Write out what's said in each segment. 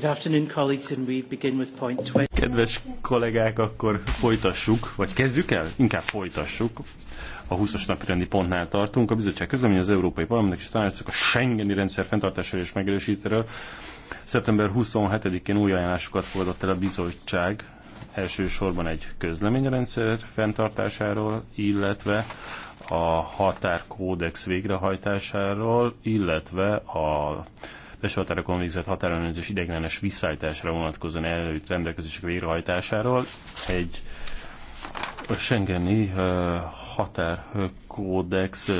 Good afternoon, colleagues, and we begin with point 20. Kedves kollégák, akkor folytassuk, vagy kezdjük el? Inkább folytassuk. A 20-as napirendi pontnál tartunk. A bizottság közlemény az Európai Parlamentnek és csak a Schengeni rendszer fenntartására és megerősítéről. Szeptember 27-én új ajánlásokat fogadott el a bizottság, elsősorban egy közleményrendszer fenntartásáról, illetve a határkódex végrehajtásáról, illetve a belső határokon végzett határellenőrzés ideiglenes visszaállításra vonatkozóan előtt rendelkezések végrehajtásáról egy a Schengeni határkódex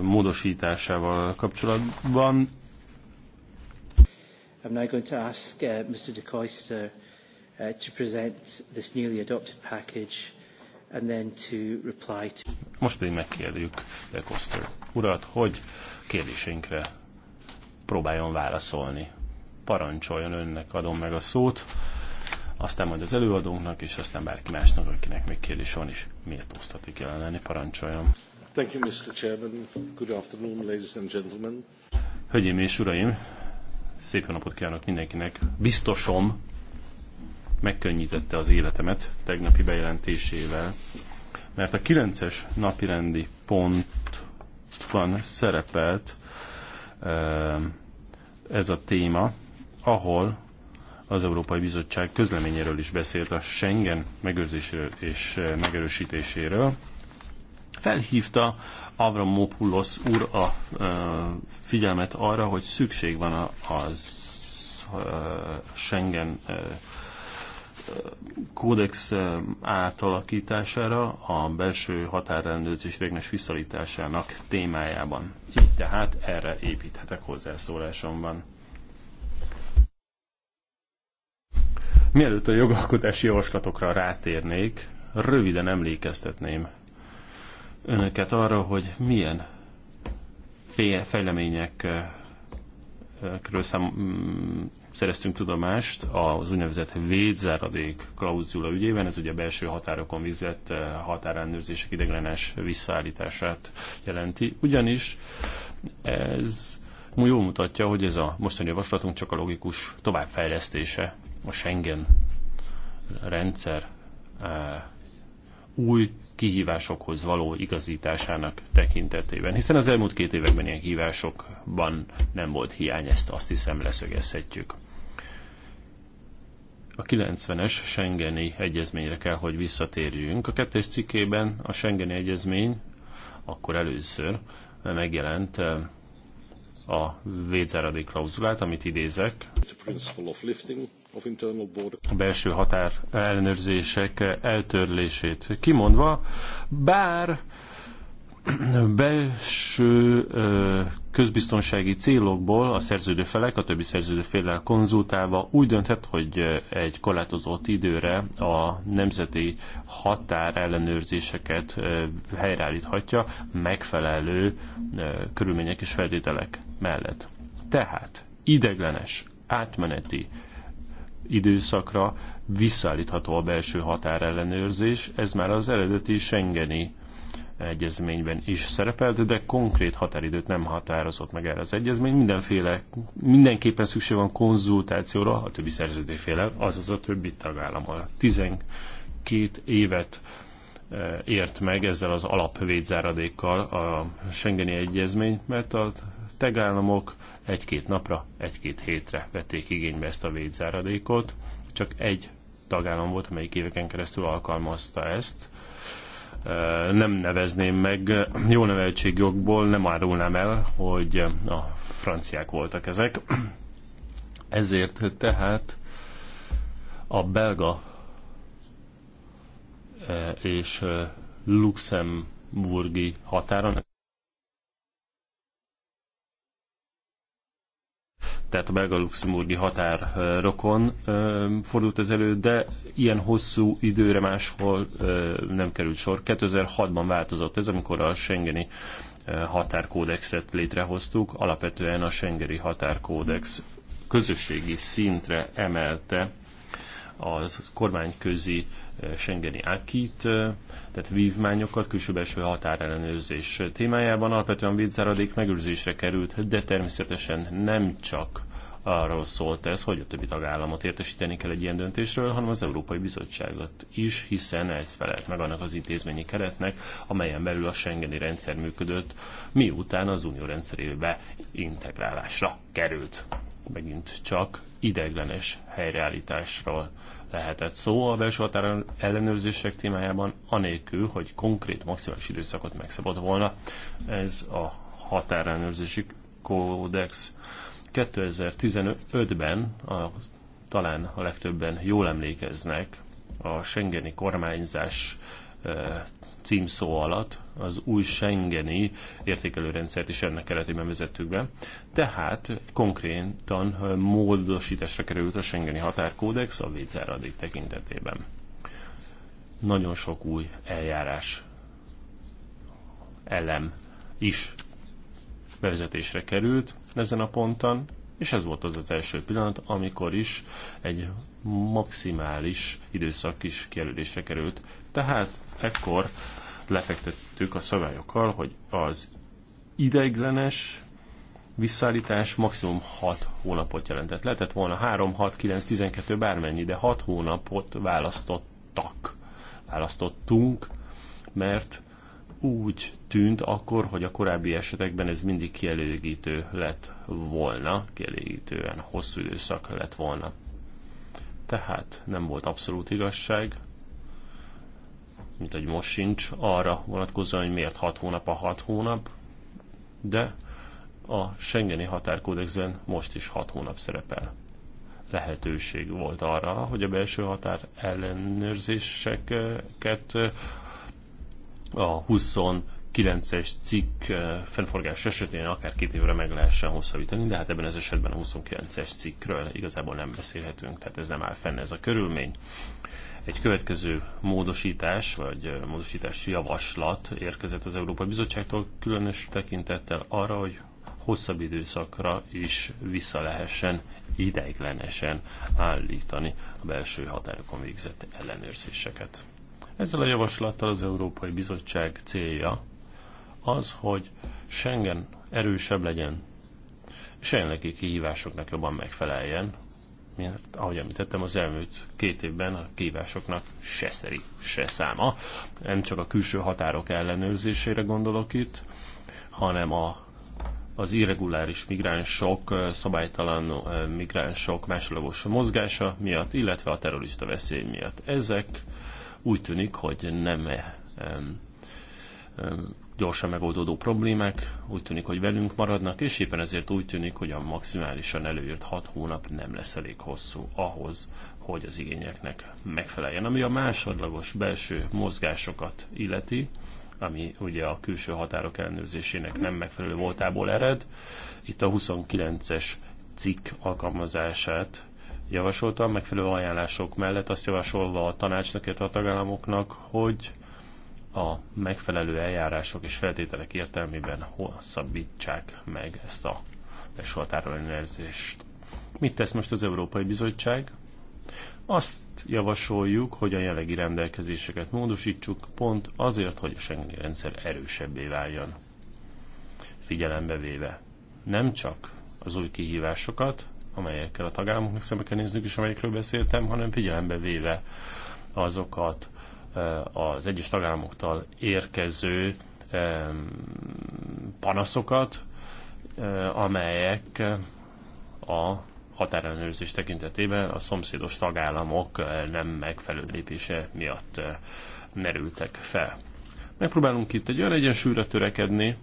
módosításával kapcsolatban. I'm now going to ask uh, Mr. De Koyster uh, to present this newly adopted package and then to reply to... Most pedig megkérjük De Koster urat, hogy kérdéseinkre próbáljon válaszolni. Parancsoljon önnek, adom meg a szót, aztán majd az előadónknak, és aztán bárki másnak, akinek még kérdés van is, méltóztatik jelen lenni, parancsoljon. Thank you, Mr. Chairman. Good afternoon, ladies and gentlemen. Hölgyeim és uraim, szép napot kívánok mindenkinek. Biztosom, megkönnyítette az életemet tegnapi bejelentésével, mert a 9-es napirendi pontban szerepelt ez a téma, ahol az Európai Bizottság közleményéről is beszélt a Schengen megőrzéséről és megerősítéséről. Felhívta Avramopoulos úr a figyelmet arra, hogy szükség van az Schengen kódex átalakítására, a belső határrendőrzés végnes visszalításának témájában. Így tehát erre építhetek hozzászólásomban. Mielőtt a jogalkotási javaslatokra rátérnék, röviden emlékeztetném önöket arra, hogy milyen fejlemények körül szám, mm, szereztünk tudomást az úgynevezett védzáradék klauzula ügyében, ez ugye a belső határokon vizet eh, határellenőrzések ideglenes visszaállítását jelenti, ugyanis ez jól mutatja, hogy ez a mostani javaslatunk csak a logikus továbbfejlesztése a Schengen rendszer eh, új kihívásokhoz való igazításának tekintetében. Hiszen az elmúlt két években ilyen kihívásokban nem volt hiány, ezt azt hiszem leszögezhetjük. A 90-es Schengeni egyezményre kell, hogy visszatérjünk. A kettes cikkében a Schengeni egyezmény akkor először megjelent eh, a védzáradék klauzulát, amit idézek. The principle of lifting a belső határ ellenőrzések eltörlését kimondva, bár belső közbiztonsági célokból a szerződő felek, a többi szerződő félel konzultálva úgy dönthet, hogy egy korlátozott időre a nemzeti határ ellenőrzéseket helyreállíthatja megfelelő körülmények és feltételek mellett. Tehát ideglenes, átmeneti időszakra visszaállítható a belső határellenőrzés. Ez már az eredeti Schengeni egyezményben is szerepelt, de konkrét határidőt nem határozott meg erre az egyezmény. Mindenféle, mindenképpen szükség van konzultációra, a többi szerződéféle, azaz a többi alatt 12 évet e, ért meg ezzel az alapvédzáradékkal a Schengeni egyezmény, mert a tagállamok egy-két napra, egy-két hétre vették igénybe ezt a védzáradékot. Csak egy tagállam volt, amelyik éveken keresztül alkalmazta ezt. Nem nevezném meg, jó neveltségjogból nem árulnám el, hogy a franciák voltak ezek. Ezért tehát a belga és luxemburgi határon tehát a belga-luxemburgi rokon fordult ez elő, de ilyen hosszú időre máshol nem került sor. 2006-ban változott ez, amikor a Schengeni határkódexet létrehoztuk, alapvetően a Schengeni határkódex közösségi szintre emelte a kormányközi Schengeni akit, tehát vívmányokat külső-belső határellenőrzés témájában alapvetően védzáradék megőrzésre került, de természetesen nem csak arról szólt ez, hogy a többi tagállamot értesíteni kell egy ilyen döntésről, hanem az Európai Bizottságot is, hiszen ez felelt meg annak az intézményi keretnek, amelyen belül a Schengeni rendszer működött, miután az unió rendszerébe integrálásra került megint csak ideiglenes helyreállításról lehetett szó a belső határon ellenőrzések témájában, anélkül, hogy konkrét maximális időszakot megszabad volna. Ez a határellenőrzési kódex 2015-ben a, talán a legtöbben jól emlékeznek a Schengeni kormányzás címszó alatt az új Schengeni értékelőrendszert is ennek keretében vezettük be. Tehát konkrétan módosításra került a Schengeni határkódex a védzáradék tekintetében. Nagyon sok új eljárás elem is bevezetésre került ezen a ponton, és ez volt az az első pillanat, amikor is egy maximális időszak is kijelölésre került. Tehát ekkor lefektettük a szabályokkal, hogy az ideiglenes visszaállítás maximum 6 hónapot jelentett. Lehetett volna 3, 6, 9, 12, bármennyi, de 6 hónapot választottak. Választottunk, mert úgy tűnt akkor, hogy a korábbi esetekben ez mindig kielégítő lett volna, kielégítően hosszú időszak lett volna. Tehát nem volt abszolút igazság, mint hogy most sincs, arra vonatkozóan, hogy miért 6 hónap a 6 hónap, de a Schengeni határkódexben most is 6 hónap szerepel. Lehetőség volt arra, hogy a belső határ ellenőrzéseket a 29-es cikk fennforgás esetén akár két évre meg lehessen hosszabbítani, de hát ebben az esetben a 29-es cikkről igazából nem beszélhetünk, tehát ez nem áll fenn ez a körülmény. Egy következő módosítás, vagy módosítási javaslat érkezett az Európai Bizottságtól, különös tekintettel arra, hogy hosszabb időszakra is vissza lehessen ideiglenesen állítani a belső határokon végzett ellenőrzéseket. Ezzel a javaslattal az Európai Bizottság célja az, hogy Schengen erősebb legyen, és jelenlegi kihívásoknak jobban megfeleljen, mert ahogy említettem, az elmúlt két évben a kívásoknak se szeri, se száma. Nem csak a külső határok ellenőrzésére gondolok itt, hanem a az irreguláris migránsok, szabálytalan migránsok másolagos mozgása miatt, illetve a terrorista veszély miatt. Ezek úgy tűnik, hogy nem gyorsan megoldódó problémák, úgy tűnik, hogy velünk maradnak, és éppen ezért úgy tűnik, hogy a maximálisan előírt 6 hónap nem lesz elég hosszú ahhoz, hogy az igényeknek megfeleljen. Ami a másodlagos belső mozgásokat illeti, ami ugye a külső határok ellenőrzésének nem megfelelő voltából ered. Itt a 29-es cikk alkalmazását javasoltam, megfelelő ajánlások mellett azt javasolva a tanácsnak, illetve a tagállamoknak, hogy a megfelelő eljárások és feltételek értelmében hosszabbítsák meg ezt a besolatáról ellenőrzést. Mit tesz most az Európai Bizottság? Azt javasoljuk, hogy a jelenlegi rendelkezéseket módosítsuk, pont azért, hogy a Schengeni rendszer erősebbé váljon. Figyelembe véve nem csak az új kihívásokat, amelyekkel a tagállamoknak szembe kell néznünk, és amelyekről beszéltem, hanem figyelembe véve azokat Eh, az egyes tagállamoktól érkező panaszokat, eh, amelyek a határellenőrzés tekintetében a szomszédos tagállamok eh, nem megfelelő lépése miatt merültek fel. Megpróbálunk itt egy olyan egyensúlyra törekedni,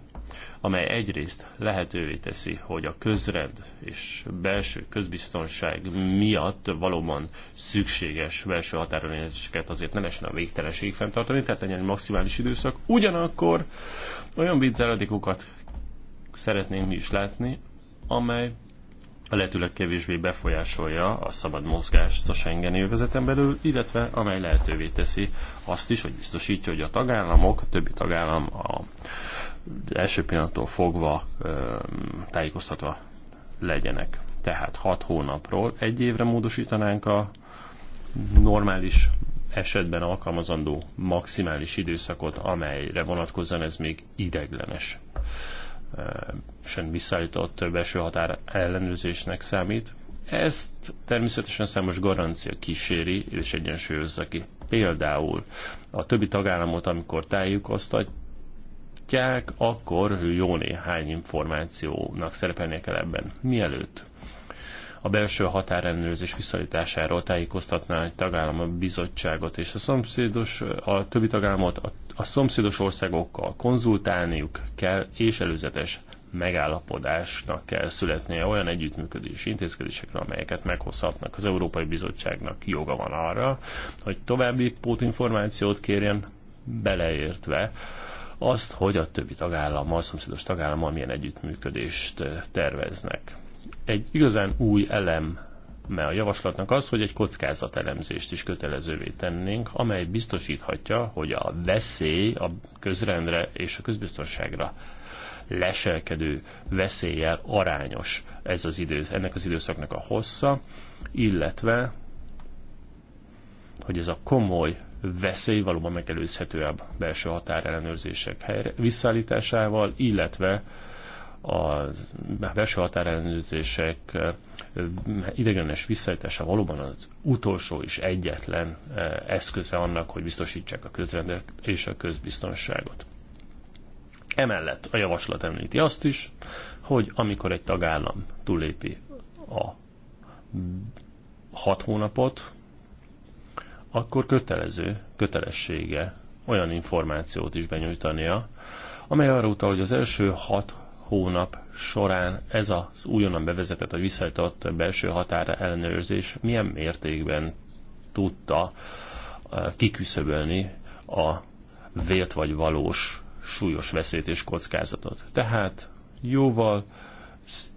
amely egyrészt lehetővé teszi, hogy a közrend és belső közbiztonság miatt valóban szükséges belső határolényezéseket azért nem esne a végtelenség fenntartani, tehát legyen egy maximális időszak. Ugyanakkor olyan vízzeladékokat szeretnénk mi is látni, amely a lehetőleg kevésbé befolyásolja a szabad mozgást a Schengeni övezeten belül, illetve amely lehetővé teszi azt is, hogy biztosítja, hogy a tagállamok, a többi tagállam a első pillanattól fogva tájékoztatva legyenek. Tehát 6 hónapról egy évre módosítanánk a normális esetben alkalmazandó maximális időszakot, amelyre vonatkozóan ez még ideglenes sen visszaállított eső határ ellenőrzésnek számít. Ezt természetesen számos garancia kíséri és egyensúlyozza ki. Például a többi tagállamot, amikor tájékoztat, megnyitják, akkor jó néhány információnak szerepelnie kell ebben. Mielőtt a belső határellenőrzés visszaállításáról tájékoztatná egy tagállam a bizottságot és a szomszédos, a többi tagállamot a, a szomszédos országokkal konzultálniuk kell, és előzetes megállapodásnak kell születnie olyan együttműködési intézkedésekre, amelyeket meghozhatnak. Az Európai Bizottságnak joga van arra, hogy további pótinformációt kérjen, beleértve azt, hogy a többi tagállammal, szomszédos tagállammal milyen együttműködést eh, terveznek. Egy igazán új elem mert a javaslatnak az, hogy egy kockázatelemzést is kötelezővé tennénk, amely biztosíthatja, hogy a veszély a közrendre és a közbiztonságra leselkedő veszéllyel arányos ez az idő, ennek az időszaknak a hossza, illetve hogy ez a komoly veszély valóban megelőzhető a belső határellenőrzések helyre, visszaállításával, illetve a belső határellenőrzések idegenes visszaállítása valóban az utolsó és egyetlen eszköze annak, hogy biztosítsák a közrendet és a közbiztonságot. Emellett a javaslat említi azt is, hogy amikor egy tagállam túlépi a hat hónapot, akkor kötelező, kötelessége olyan információt is benyújtania, amely arra utal, hogy az első hat hónap során ez az újonnan bevezetett vagy visszajtott belső határa ellenőrzés milyen mértékben tudta eh, kiküszöbölni a vélt vagy valós súlyos veszélyt és kockázatot. Tehát jóval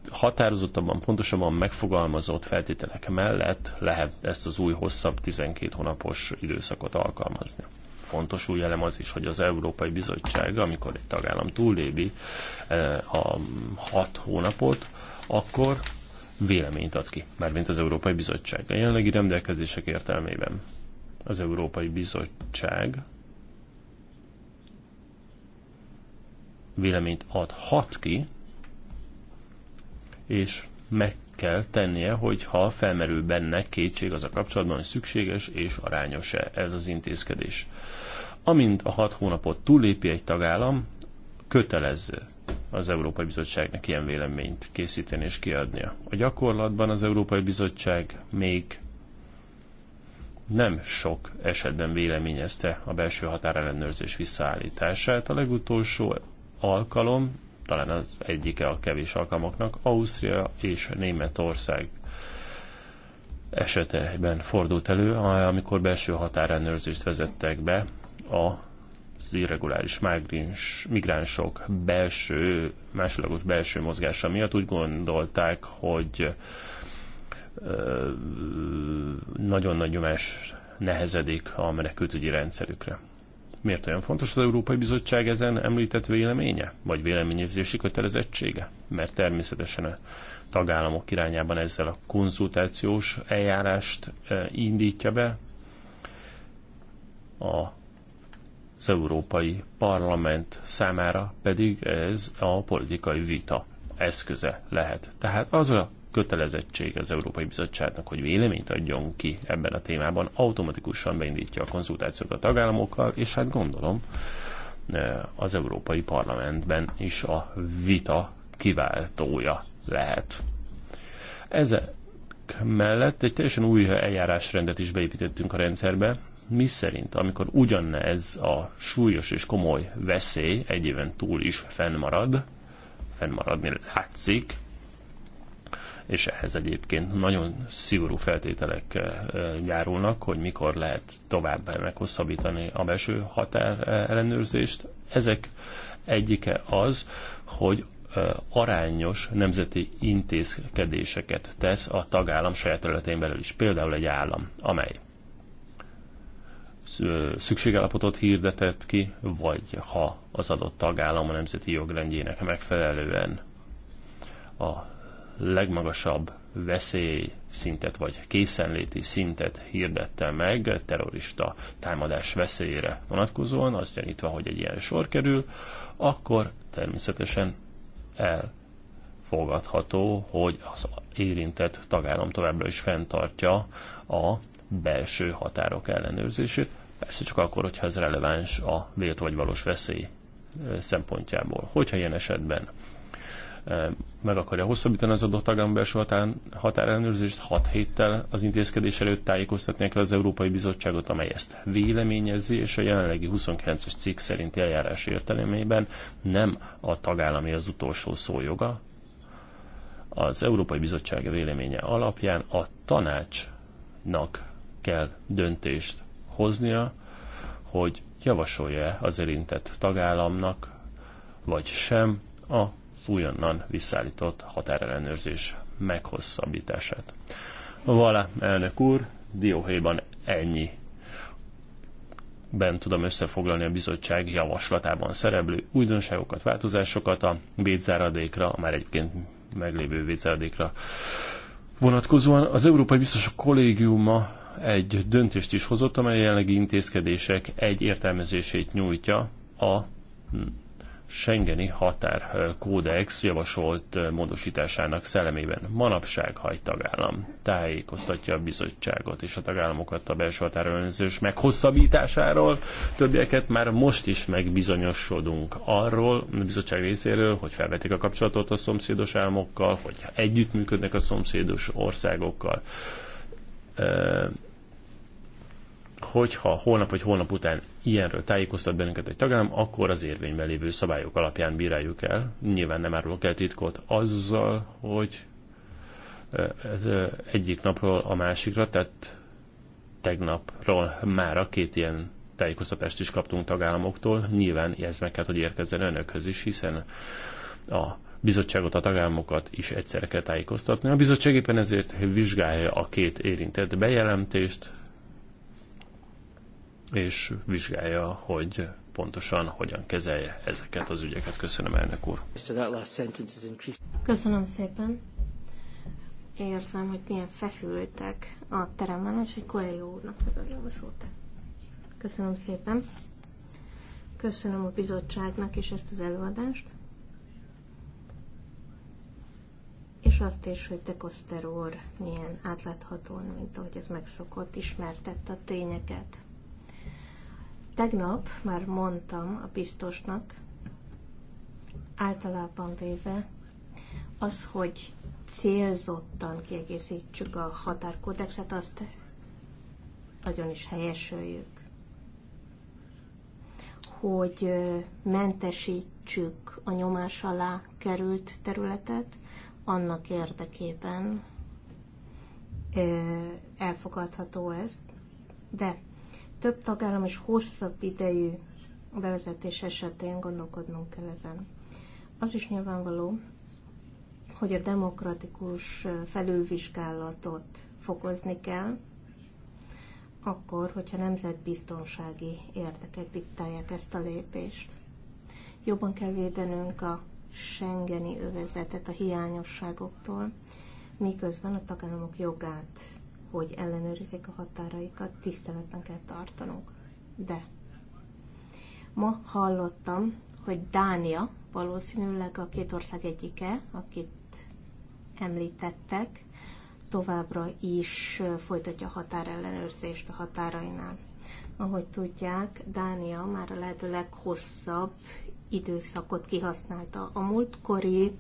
határozottabban, pontosabban megfogalmazott feltételek mellett lehet ezt az új hosszabb 12 hónapos időszakot alkalmazni. Fontos új elem az is, hogy az Európai Bizottság, amikor egy tagállam túllébi eh, a 6 hónapot, akkor véleményt ad ki, mármint az Európai Bizottság. A jelenlegi rendelkezések értelmében az Európai Bizottság véleményt adhat ki és meg kell tennie, hogyha felmerül benne kétség az a kapcsolatban, hogy szükséges és arányos-e ez az intézkedés. Amint a hat hónapot túllépi egy tagállam, kötelező az Európai Bizottságnak ilyen véleményt készíteni és kiadnia. A gyakorlatban az Európai Bizottság még nem sok esetben véleményezte a belső határellenőrzés visszaállítását. A legutolsó alkalom talán az egyike a kevés alkalmaknak, Ausztria és Németország esetében fordult elő, amikor belső határellenőrzést vezettek be a az irreguláris migránsok belső, másodlagos belső mozgása miatt úgy gondolták, hogy nagyon nagy nyomás nehezedik a menekültügyi rendszerükre. Miért olyan fontos az Európai Bizottság ezen említett véleménye, vagy véleményezési kötelezettsége? Mert természetesen a tagállamok irányában ezzel a konzultációs eljárást e, indítja be a az Európai Parlament számára pedig ez a politikai vita eszköze lehet. Tehát az a kötelezettség az Európai Bizottságnak, hogy véleményt adjon ki ebben a témában, automatikusan beindítja a konzultációt a tagállamokkal, és hát gondolom e, az Európai Parlamentben is a vita kiváltója lehet. Ezek mellett egy teljesen új eljárásrendet is beépítettünk a rendszerbe, mi szerint, amikor ugyanne ez a súlyos és komoly veszély egy éven túl is fennmarad, fennmaradni látszik, és ehhez egyébként nagyon szigorú feltételek eh, járulnak, hogy mikor lehet tovább meghosszabbítani a belső határ eh, ellenőrzést. Ezek egyike az, hogy eh, arányos nemzeti intézkedéseket tesz a tagállam saját területén belül is. Például egy állam, amely szükségállapotot hirdetett ki, vagy ha az adott tagállam a nemzeti jogrendjének megfelelően a legmagasabb veszélyszintet vagy készenléti szintet hirdette meg terrorista támadás veszélyére vonatkozóan, az gyanítva, hogy egy ilyen sor kerül, akkor természetesen elfogadható, hogy az érintett tagállam továbbra is fenntartja a belső határok ellenőrzését, persze csak akkor, hogyha ez releváns a vélt vagy valós veszély szempontjából. Hogyha ilyen esetben meg akarja hosszabbítani az adott tagállam belső határ, határellenőrzést, 6 héttel az intézkedés előtt tájékoztatni kell az Európai Bizottságot, amely ezt véleményezi, és a jelenlegi 29-es cikk szerinti eljárás értelemében nem a tagállami az utolsó szó joga. Az Európai Bizottság véleménye alapján a tanácsnak kell döntést hoznia, hogy javasolja az érintett tagállamnak, vagy sem a újonnan visszaállított határellenőrzés meghosszabbítását. Vala, elnök úr, dióhéjban ennyi ben tudom összefoglalni a bizottság javaslatában szereplő újdonságokat, változásokat a védzáradékra, a már egyébként meglévő védzáradékra vonatkozóan. Az Európai Biztosok Kollégiuma egy döntést is hozott, amely jelenlegi intézkedések egy értelmezését nyújtja a Schengeni határkódex javasolt módosításának szellemében. Manapság, hagy tagállam tájékoztatja a bizottságot és a tagállamokat a belső határőrzés meghosszabbításáról, többieket már most is megbizonyosodunk arról a bizottság részéről, hogy felvetik a kapcsolatot a szomszédos államokkal, hogy együttműködnek a szomszédos országokkal hogyha holnap vagy holnap után ilyenről tájékoztat bennünket egy tagállam, akkor az érvényben lévő szabályok alapján bíráljuk el. Nyilván nem árulok el titkot azzal, hogy egyik napról a másikra, tehát tegnapról már a két ilyen tájékoztatást is kaptunk tagállamoktól. Nyilván ez meg kell, hogy érkezzen önökhöz is, hiszen a bizottságot, a tagállamokat is egyszerre kell tájékoztatni. A bizottság éppen ezért vizsgálja a két érintett bejelentést, és vizsgálja, hogy pontosan hogyan kezelje ezeket az ügyeket. Köszönöm, elnök úr. Köszönöm szépen. Érzem, hogy milyen feszültek a teremben, és hogy Koelyó úrnak megadom a szót. Köszönöm szépen. Köszönöm a bizottságnak is ezt az előadást. És azt is, hogy Dekoszter úr milyen átláthatóan, mint ahogy ez megszokott, ismertette a tényeket. Tegnap már mondtam a biztosnak, általában véve, az, hogy célzottan kiegészítsük a határkódexet, azt nagyon is helyesöljük. Hogy mentesítsük a nyomás alá került területet, annak érdekében elfogadható ez, de több tagállam és hosszabb idejű bevezetés esetén gondolkodnunk kell ezen. Az is nyilvánvaló, hogy a demokratikus felülvizsgálatot fokozni kell, akkor, hogyha nemzetbiztonsági érdekek diktálják ezt a lépést. Jobban kell védenünk a Schengeni övezetet a hiányosságoktól, miközben a tagállamok jogát hogy ellenőrizik a határaikat, tiszteletben kell tartanunk. De ma hallottam, hogy Dánia valószínűleg a két ország egyike, akit említettek, továbbra is folytatja a határellenőrzést a határainál. Ahogy tudják, Dánia már a lehető leghosszabb időszakot kihasználta. A múltkori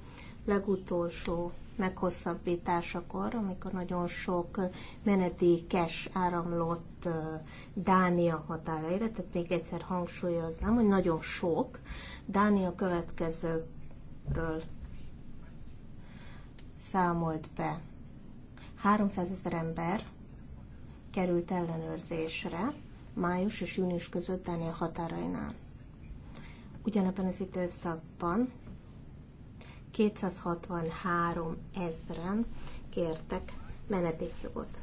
legutolsó meghosszabbításakor, amikor nagyon sok menedékes áramlott Dánia határaira, tehát még egyszer hangsúlyoznám, hogy nagyon sok. Dánia következőről számolt be. 300 ezer ember került ellenőrzésre május és június között Dánia határainál. Ugyanebben az időszakban 263 ezren kértek menedékjogot.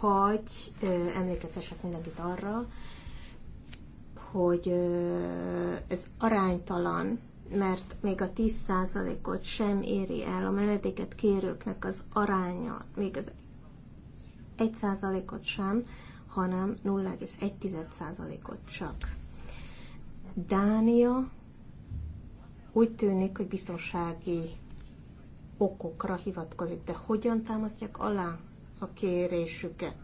Hogy emlékeztessek mindenkit arra, hogy ez aránytalan, mert még a 10%-ot sem éri el a menedéket kérőknek az aránya, még az 1%-ot sem, hanem 0,1%-ot csak. Dánia úgy tűnik, hogy biztonsági okokra hivatkozik, de hogyan támasztják alá a kérésüket?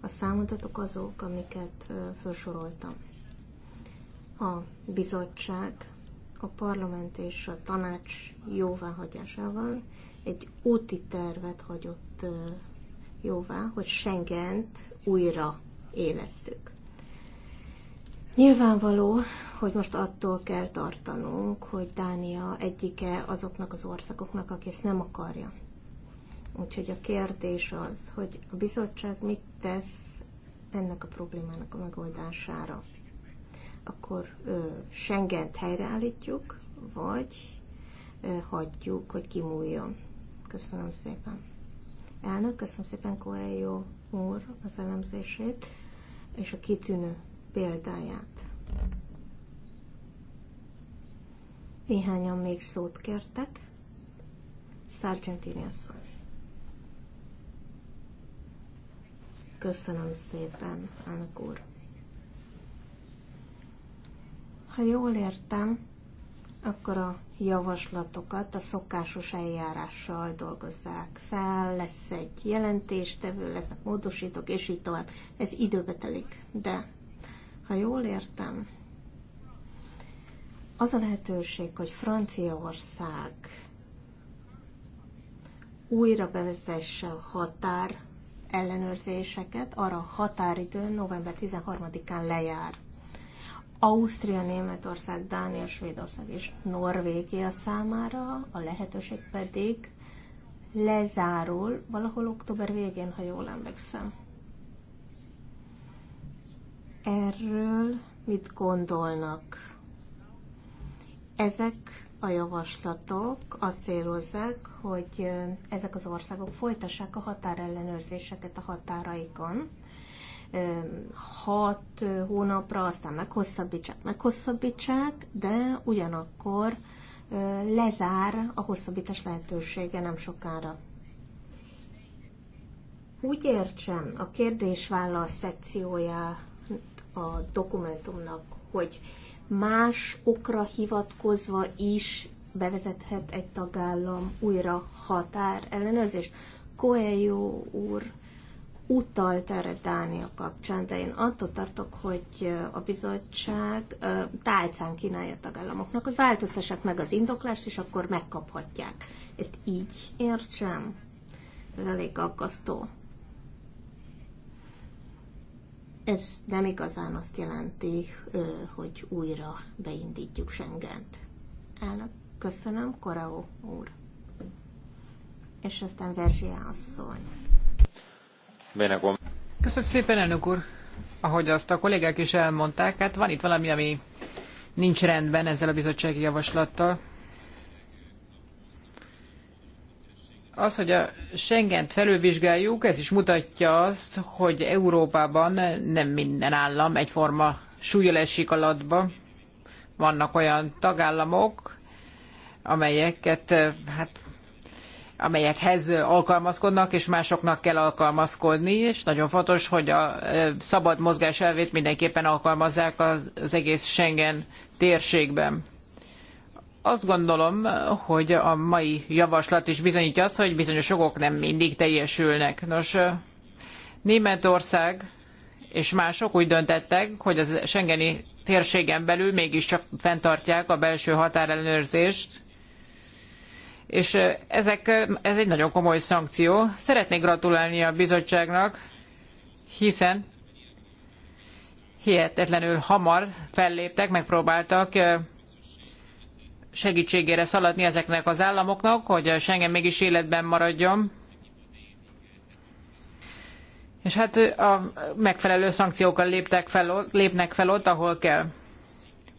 A számadatok azok, amiket felsoroltam. A bizottság, a parlament és a tanács jóváhagyásával egy úti tervet hagyott jóvá, hogy Schengent újra élesszük. Nyilvánvaló, hogy most attól kell tartanunk, hogy Dánia egyike azoknak az országoknak, aki ezt nem akarja. Úgyhogy a kérdés az, hogy a bizottság mit tesz ennek a problémának a megoldására. Akkor ö, Schengent helyreállítjuk, vagy ö, hagyjuk, hogy kimúljon. Köszönöm szépen. Elnök, köszönöm szépen Coelho úr az elemzését, és a kitűnő példáját. Néhányan még szót kértek. Sargentini asszony. Köszönöm szépen, elnök úr. Ha jól értem, akkor a javaslatokat a szokásos eljárással dolgozzák fel, lesz egy jelentéstevő, lesznek módosítók, és így tovább. Ez időbe telik, de ha jól értem, az a lehetőség, hogy Franciaország újra bevezesse a határ ellenőrzéseket, arra a határidő november 13-án lejár. Ausztria, Németország, Dánia, Svédország és Norvégia számára, a lehetőség pedig lezárul valahol október végén, ha jól emlékszem. Erről mit gondolnak? Ezek a javaslatok azt célozzák, hogy ezek az országok folytassák a határellenőrzéseket a határaikon, hat hónapra, aztán meghosszabbítsák, meghosszabbítsák, de ugyanakkor lezár a hosszabbítás lehetősége nem sokára. Úgy értsem, a kérdés-válasz szekciójá a dokumentumnak, hogy más okra hivatkozva is bevezethet egy tagállam újra határ ellenőrzés, Coelho úr utalt erre Dánia kapcsán, de én attól tartok, hogy a bizottság tálcán kínálja a tagállamoknak, hogy változtassák meg az indoklást, és akkor megkaphatják. Ezt így értsem. Ez elég aggasztó. Ez nem igazán azt jelenti, hogy újra beindítjuk Schengent. Elnök, köszönöm, Koraó úr. És aztán Verzsia asszony. Köszönöm szépen, elnök úr. Ahogy azt a kollégák is elmondták, hát van itt valami, ami nincs rendben ezzel a bizottsági javaslattal. Az, hogy a Schengent felülvizsgáljuk, ez is mutatja azt, hogy Európában nem minden állam egyforma súlyol esik alatba. Vannak olyan tagállamok, amelyeket hát amelyekhez alkalmazkodnak, és másoknak kell alkalmazkodni, és nagyon fontos, hogy a szabad mozgás elvét mindenképpen alkalmazzák az, egész Schengen térségben azt gondolom, hogy a mai javaslat is bizonyítja azt, hogy bizonyos jogok nem mindig teljesülnek. Nos, Németország és mások úgy döntettek, hogy az Schengeni térségen belül mégiscsak fenntartják a belső határellenőrzést, és ezek, ez egy nagyon komoly szankció. Szeretnék gratulálni a bizottságnak, hiszen hihetetlenül hamar felléptek, megpróbáltak segítségére szaladni ezeknek az államoknak, hogy Schengen mégis életben maradjon. És hát a megfelelő szankciókkal léptek fel, lépnek fel ott, ahol kell.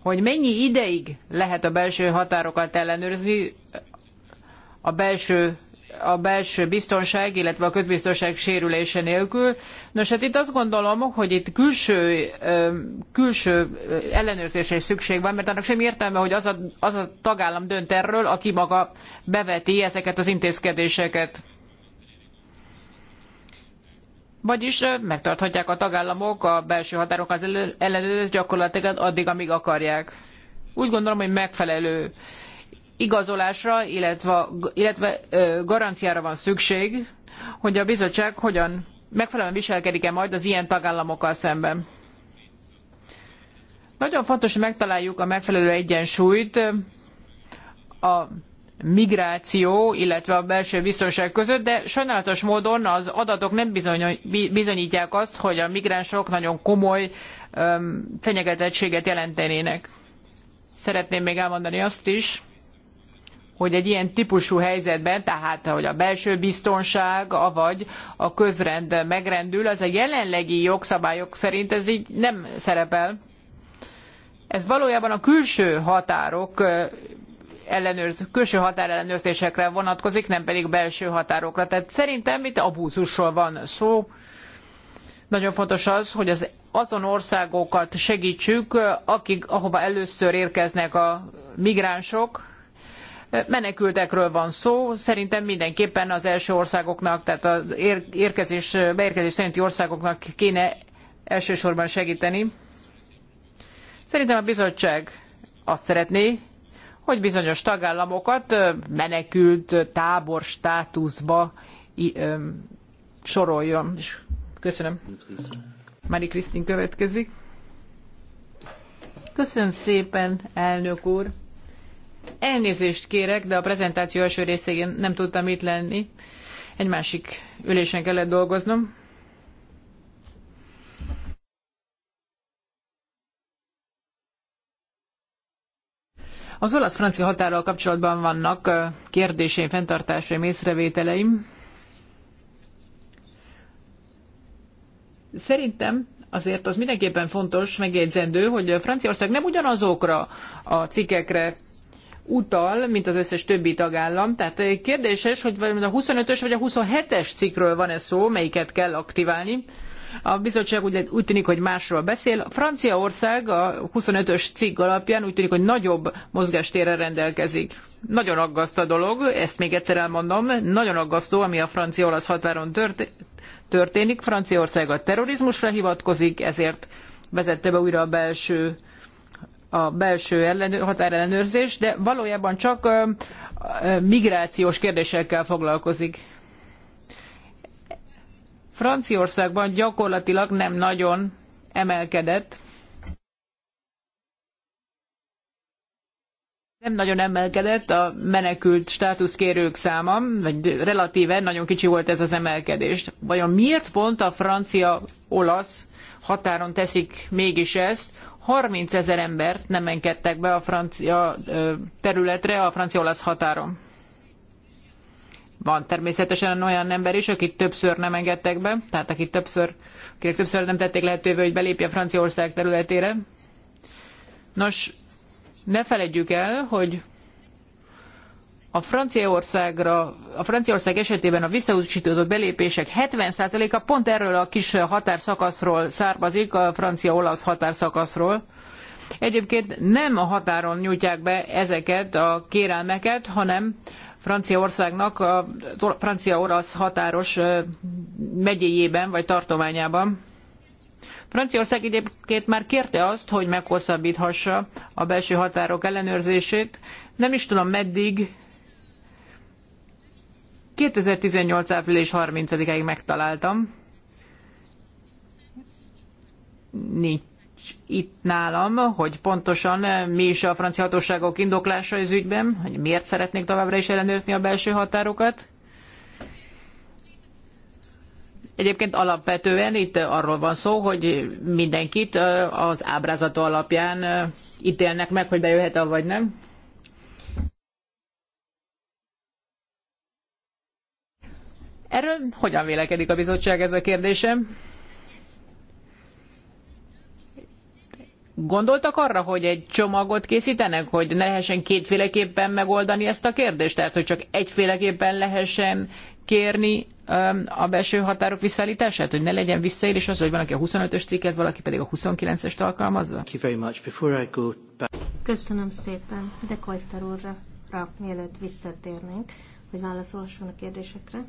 Hogy mennyi ideig lehet a belső határokat ellenőrizni, a belső a belső biztonság, illetve a közbiztonság sérülése nélkül. Nos, hát itt azt gondolom, hogy itt külső, külső ellenőrzésre is szükség van, mert annak sem értelme, hogy az a, az a tagállam dönt erről, aki maga beveti ezeket az intézkedéseket. Vagyis megtarthatják a tagállamok a belső határokat ellenőrzés gyakorlatilag addig, amíg akarják. Úgy gondolom, hogy megfelelő igazolásra, illetve, illetve garanciára van szükség, hogy a bizottság hogyan megfelelően viselkedik-e majd az ilyen tagállamokkal szemben. Nagyon fontos, hogy megtaláljuk a megfelelő egyensúlyt a migráció, illetve a belső biztonság között, de sajnálatos módon az adatok nem bizonyítják azt, hogy a migránsok nagyon komoly fenyegetettséget jelentenének. Szeretném még elmondani azt is, hogy egy ilyen típusú helyzetben, tehát hogy a belső biztonság, avagy a közrend megrendül, az a jelenlegi jogszabályok szerint ez így nem szerepel. Ez valójában a külső határok ellenőrz, külső határellenőrzésekre vonatkozik, nem pedig belső határokra. Tehát szerintem itt abúzusról van szó. Nagyon fontos az, hogy az azon országokat segítsük, akik, ahova először érkeznek a migránsok, Menekültekről van szó, szerintem mindenképpen az első országoknak, tehát az érkezés, beérkezés szerinti országoknak kéne elsősorban segíteni. Szerintem a bizottság azt szeretné, hogy bizonyos tagállamokat menekült tábor státuszba soroljon. Köszönöm. Mari Krisztin következik. Köszönöm szépen, elnök úr. Elnézést kérek, de a prezentáció első részén nem tudtam itt lenni. Egy másik ülésen kellett dolgoznom. Az olasz-francia határral kapcsolatban vannak kérdéseim, fenntartásaim, észrevételeim. Szerintem azért az mindenképpen fontos, megjegyzendő, hogy Franciaország nem ugyanazokra a cikkekre utal, mint az összes többi tagállam. Tehát eh, kérdéses, hogy a 25-ös vagy a 27-es cikkről van-e szó, melyiket kell aktiválni. A bizottság úgy, úgy tűnik, hogy másról beszél. Franciaország a 25-ös cikk alapján úgy tűnik, hogy nagyobb mozgástérre rendelkezik. Nagyon aggaszt a dolog, ezt még egyszer elmondom, nagyon aggasztó, ami a francia-olasz határon történik. Franciaország a terrorizmusra hivatkozik, ezért vezette be újra a belső a belső ellenőr, határellenőrzés, de valójában csak migrációs kérdésekkel foglalkozik. Franciaországban gyakorlatilag nem nagyon emelkedett. Nem nagyon emelkedett a menekült státusz kérők száma, vagy relatíve nagyon kicsi volt ez az emelkedés. Vajon miért pont a francia-olasz határon teszik mégis ezt, 30 ezer embert nem engedtek be a francia területre, a francia-olasz határon. Van természetesen olyan ember is, akit többször nem engedtek be, tehát akit többször, akinek többször nem tették lehetővé, hogy belépje Franciaország területére. Nos, ne feledjük el, hogy a Franciaországra, a Franciaország esetében a visszautasított belépések 70%-a pont erről a kis határszakaszról származik, a francia-olasz határszakaszról. Egyébként nem a határon nyújtják be ezeket a kérelmeket, hanem Franciaországnak a francia olasz határos megyéjében vagy tartományában. Franciaország egyébként már kérte azt, hogy meghosszabbíthassa a belső határok ellenőrzését. Nem is tudom meddig 2018. április 30-áig megtaláltam. Nincs itt nálam, hogy pontosan eh, mi is a francia hatóságok indoklása ez ügyben, hogy miért szeretnék továbbra is ellenőrizni a belső határokat. Egyébként alapvetően itt arról van szó, hogy mindenkit eh, az ábrázata alapján eh, ítélnek meg, hogy bejöhet-e vagy nem. Erről hogyan vélekedik a bizottság ez a kérdésem? Gondoltak arra, hogy egy csomagot készítenek, hogy ne lehessen kétféleképpen megoldani ezt a kérdést? Tehát, hogy csak egyféleképpen lehessen kérni a belső határok visszaállítását, hogy ne legyen visszaélés az, hogy van, a 25-ös cikket, valaki pedig a 29-est alkalmazza? Köszönöm szépen, de Kajszter úrra, mielőtt visszatérnénk, hogy válaszolhasson a kérdésekre.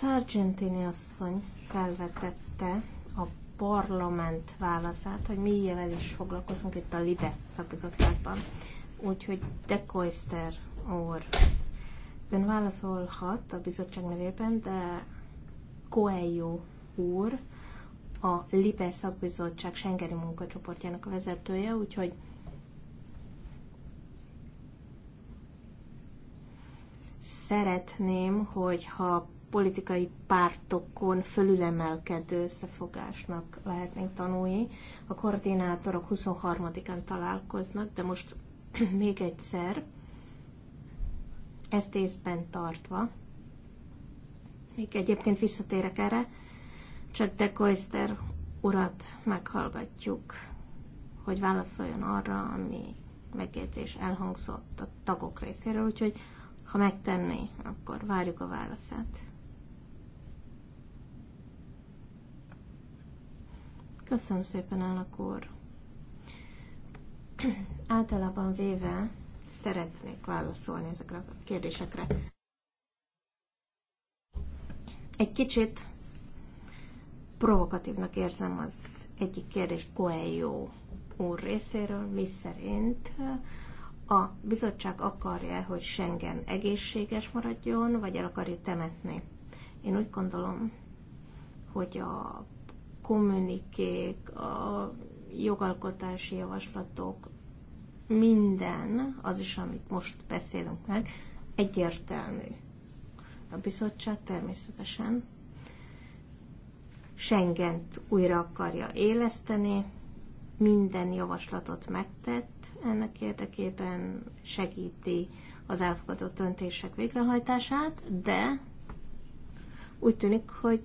Sargentini asszony felvetette a parlament válaszát, hogy mi ilyen is foglalkozunk itt a LIDE szakbizottságban. Úgyhogy de Koister úr, ön válaszolhat a bizottság nevében, de Coelho úr, a LIBE szakbizottság Schengeni munkacsoportjának a vezetője, úgyhogy szeretném, hogyha politikai pártokon fölülemelkedő összefogásnak lehetnénk tanulni. A koordinátorok 23-án találkoznak, de most még egyszer, ezt észben tartva, még egyébként visszatérek erre, csak de Koester urat meghallgatjuk, hogy válaszoljon arra, ami megjegyzés elhangzott a tagok részéről, úgyhogy ha megtenné, akkor várjuk a válaszát. Köszönöm szépen, elnök úr. Általában véve szeretnék válaszolni ezekre a kérdésekre. Egy kicsit provokatívnak érzem az egyik kérdést Coelho úr részéről, mi szerint eh, a bizottság akarja, hogy Schengen egészséges maradjon, vagy el akarja temetni. Én úgy gondolom, hogy a kommunikék, a jogalkotási javaslatok, minden, az is, amit most beszélünk meg, egyértelmű. A bizottság természetesen Schengent újra akarja éleszteni, minden javaslatot megtett ennek érdekében, segíti az elfogadott döntések végrehajtását, de úgy tűnik, hogy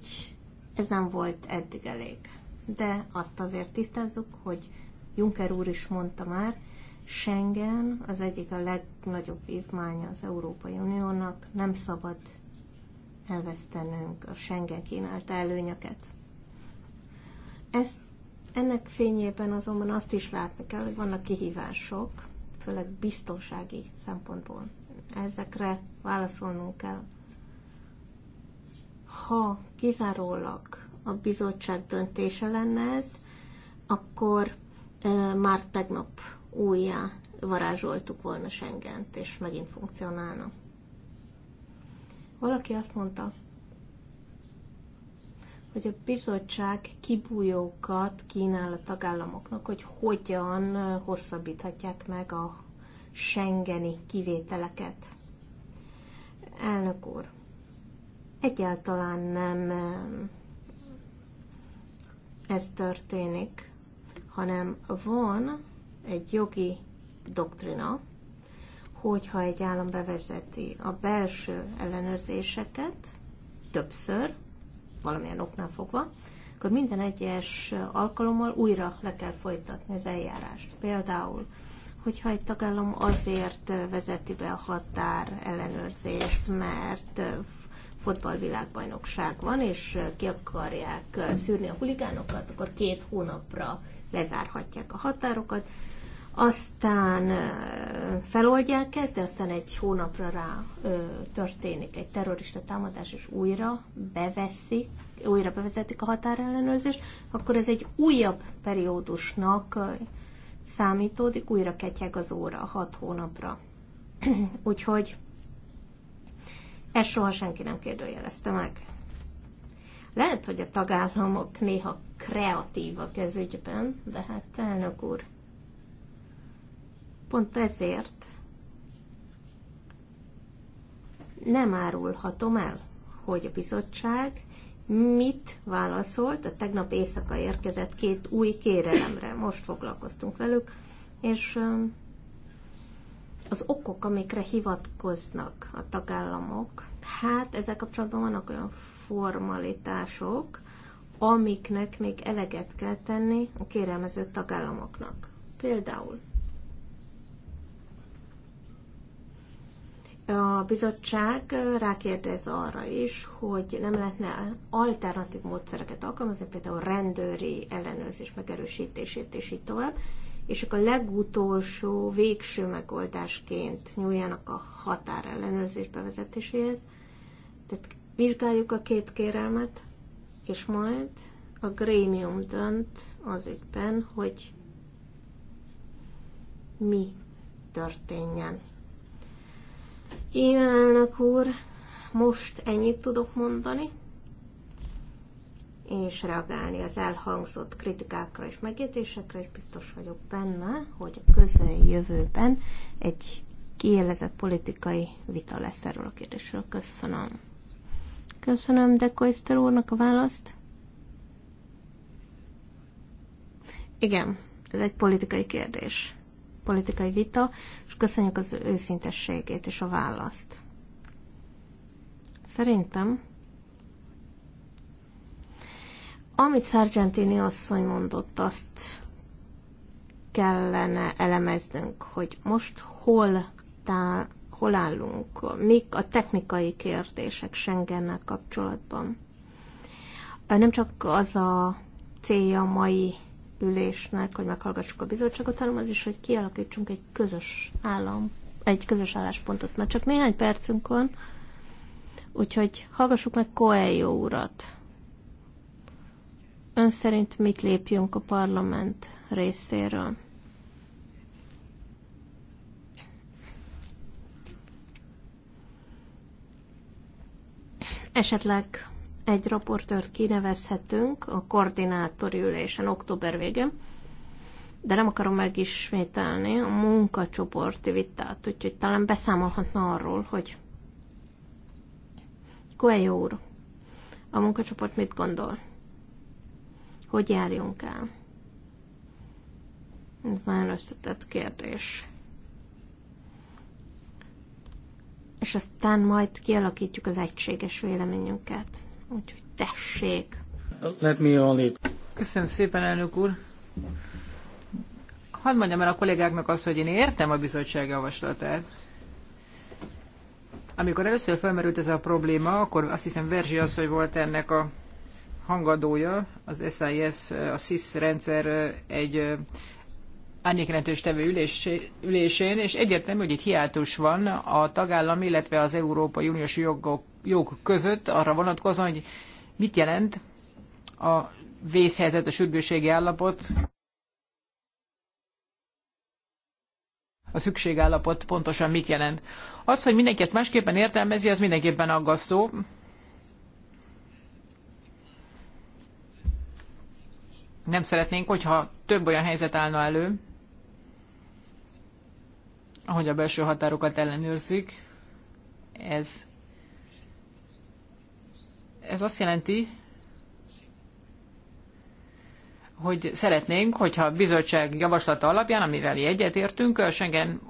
ez nem volt eddig elég. De azt azért tisztázzuk, hogy Juncker úr is mondta már, Schengen az egyik a legnagyobb vívmánya az Európai Uniónak, nem szabad elvesztenünk a Schengen kínálta előnyöket. Ezt, ennek fényében azonban azt is látni kell, hogy vannak kihívások, főleg biztonsági szempontból. Ezekre válaszolnunk kell ha kizárólag a bizottság döntése lenne ez, akkor már tegnap újjá varázsoltuk volna Schengent, és megint funkcionálna. Valaki azt mondta, hogy a bizottság kibújókat kínál a tagállamoknak, hogy hogyan hosszabbíthatják meg a Schengeni kivételeket. Elnök úr, Egyáltalán nem ez történik, hanem van egy jogi doktrina, hogyha egy állam bevezeti a belső ellenőrzéseket többször, valamilyen oknál fogva, akkor minden egyes alkalommal újra le kell folytatni az eljárást. Például, hogyha egy tagállam azért vezeti be a határ ellenőrzést, mert futballvilágbajnokság van, és ki akarják szűrni a huligánokat, akkor két hónapra lezárhatják a határokat. Aztán feloldják ezt, de aztán egy hónapra rá történik egy terrorista támadás, és újra beveszik, újra bevezetik a határellenőrzést, akkor ez egy újabb periódusnak számítódik, újra ketyeg az óra hat hónapra. Úgyhogy ezt soha senki nem kérdőjelezte meg. Lehet, hogy a tagállamok néha kreatívak ez ügyben, de hát elnök úr, pont ezért nem árulhatom el, hogy a bizottság mit válaszolt a tegnap éjszaka érkezett két új kérelemre. Most foglalkoztunk velük, és az okok, amikre hivatkoznak a tagállamok, hát ezzel kapcsolatban vannak olyan formalitások, amiknek még eleget kell tenni a kérelmező tagállamoknak. Például a bizottság rákérdez arra is, hogy nem lehetne alternatív módszereket alkalmazni, például rendőri ellenőrzés megerősítését és így tovább, és akkor legutolsó, végső megoldásként nyúljanak a határellenőrzés bevezetéséhez. Tehát vizsgáljuk a két kérelmet, és majd a grémium dönt az ügyben, hogy mi történjen. Én elnök úr, most ennyit tudok mondani és reagálni az elhangzott kritikákra és megjegyzésekre, és biztos vagyok benne, hogy a közeljövőben egy kiélezett politikai vita lesz erről a kérdésről. Köszönöm. Köszönöm Dekoiszter úrnak a választ. Igen, ez egy politikai kérdés, politikai vita, és köszönjük az őszintességét és a választ. Szerintem Amit Sargentini asszony mondott, azt kellene elemeznünk, hogy most hol, tá, hol állunk, mik a technikai kérdések Schengennel kapcsolatban. Nem csak az a célja a mai ülésnek, hogy meghallgassuk a bizottságot, hanem az is, hogy kialakítsunk egy közös állam, egy közös álláspontot, mert csak néhány percünk van, úgyhogy hallgassuk meg Coelho urat. Ön szerint mit lépjünk a parlament részéről? Esetleg egy raportört kinevezhetünk a koordinátori ülésen október végén, de nem akarom megismételni a munkacsoporti vitát, úgyhogy talán beszámolhatna arról, hogy Coelho úr, a munkacsoport mit gondol? hogy járjunk el? Ez nagyon összetett kérdés. És aztán majd kialakítjuk az egységes véleményünket. Úgyhogy tessék! Let me only... Köszönöm szépen, elnök úr! Hadd mondjam el a kollégáknak azt, hogy én értem a bizottság javaslatát. Amikor először felmerült ez a probléma, akkor azt hiszem Verzsi az, hogy volt ennek a hangadója, az SIS, a SIS rendszer egy árnyékrendős tevő ülésén, és egyértelmű, hogy itt hiátus van a tagállam, illetve az Európai Uniós jogok, jog között arra vonatkozóan, hogy mit jelent a vészhelyzet, a sürgőségi állapot, a szükségállapot pontosan mit jelent. Az, hogy mindenki ezt másképpen értelmezi, az mindenképpen aggasztó. nem szeretnénk, hogyha több olyan helyzet állna elő, ahogy a belső határokat ellenőrzik. Ez, ez azt jelenti, hogy szeretnénk, hogyha a bizottság javaslata alapján, amivel egyetértünk, a Schengen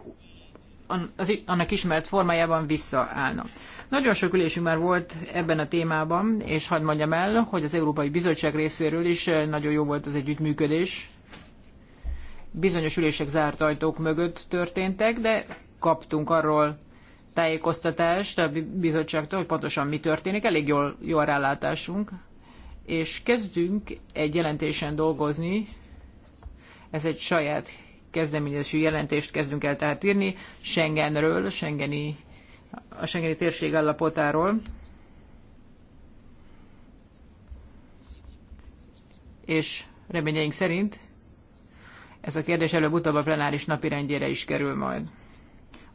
az, annak ismert formájában visszaállna. Nagyon sok ülésünk már volt ebben a témában, és hadd mondjam el, hogy az Európai Bizottság részéről is eh, nagyon jó volt az együttműködés. Bizonyos ülések zárt ajtók mögött történtek, de kaptunk arról tájékoztatást a bizottságtól, hogy pontosan mi történik. Elég jól, jól rálátásunk. És kezdünk egy jelentésen dolgozni. Ez egy saját kezdeményezési jelentést kezdünk el tehát írni Schengenről, Schengeni, a Schengeni térség állapotáról. És reményeink szerint ez a kérdés előbb-utóbb a plenáris napirendjére is kerül majd.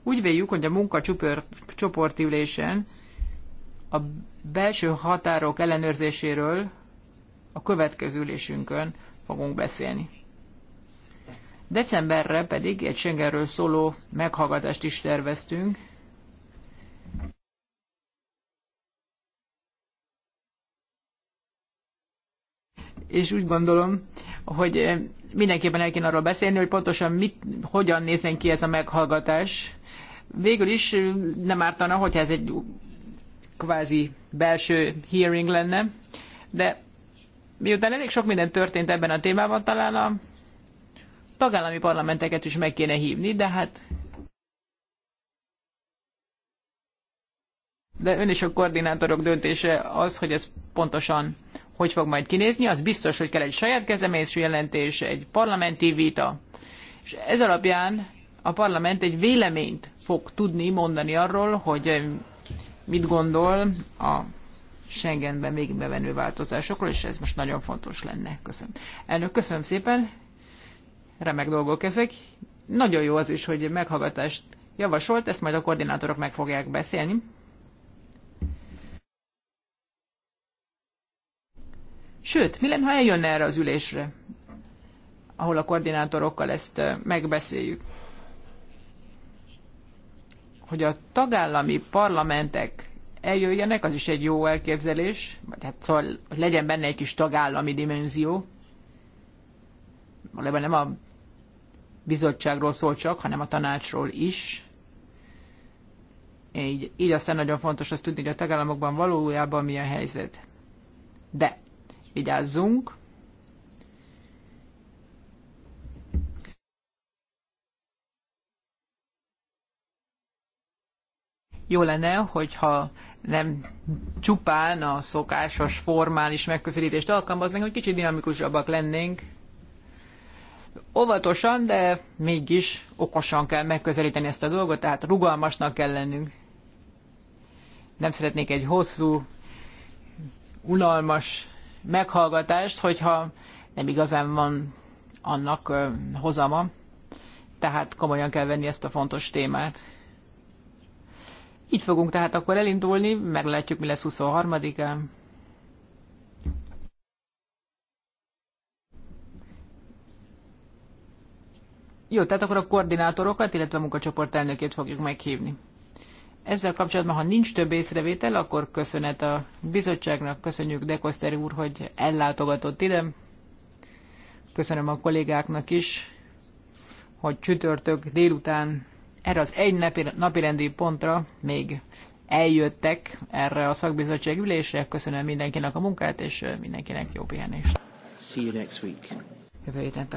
Úgy véljük, hogy a munka csoportülésen a belső határok ellenőrzéséről a következő ülésünkön fogunk beszélni. Decemberre pedig egy Schengenről szóló meghallgatást is terveztünk. És úgy gondolom, hogy mindenképpen el kéne arról beszélni, hogy pontosan mit, hogyan nézzen ki ez a meghallgatás. Végül is nem ártana, hogyha ez egy kvázi belső hearing lenne, de miután elég sok minden történt ebben a témában, talán a tagállami parlamenteket is meg kéne hívni, de hát de ön és a koordinátorok döntése az, hogy ez pontosan hogy fog majd kinézni, az biztos, hogy kell egy saját kezdeményező jelentés, egy parlamenti vita. És ez alapján a parlament egy véleményt fog tudni mondani arról, hogy mit gondol a Schengenben végigbevenő változásokról, és ez most nagyon fontos lenne. Köszönöm. Elnök, köszönöm szépen. Remek dolgok ezek. Nagyon jó az is, hogy meghallgatást javasolt, ezt majd a koordinátorok meg fogják beszélni. Sőt, mi lenne, ha eljönne erre az ülésre, ahol a koordinátorokkal ezt megbeszéljük? Hogy a tagállami parlamentek eljöjjenek, az is egy jó elképzelés, tehát szóval hogy legyen benne egy kis tagállami dimenzió, valójában nem a bizottságról szól csak, hanem a tanácsról is. Így, így aztán nagyon fontos azt tudni, hogy a tagállamokban valójában mi a helyzet. De vigyázzunk, jó lenne, hogyha nem csupán a szokásos, formális megközelítést alkalmaznánk, hogy kicsit dinamikusabbak lennénk, Óvatosan, de mégis okosan kell megközelíteni ezt a dolgot, tehát rugalmasnak kell lennünk. Nem szeretnék egy hosszú, unalmas meghallgatást, hogyha nem igazán van annak hozama. Tehát komolyan kell venni ezt a fontos témát. Így fogunk tehát akkor elindulni, meglátjuk, mi lesz 23-án. Jó, tehát akkor a koordinátorokat, illetve a munkacsoport elnökét fogjuk meghívni. Ezzel kapcsolatban, ha nincs több észrevétel, akkor köszönet a bizottságnak, köszönjük Dekoszteri úr, hogy ellátogatott ide. Köszönöm a kollégáknak is, hogy csütörtök délután erre az egy napi, napirendi pontra még eljöttek erre a szakbizottság ülésre. Köszönöm mindenkinek a munkát, és mindenkinek jó pihenést. See you next week. Jövő héten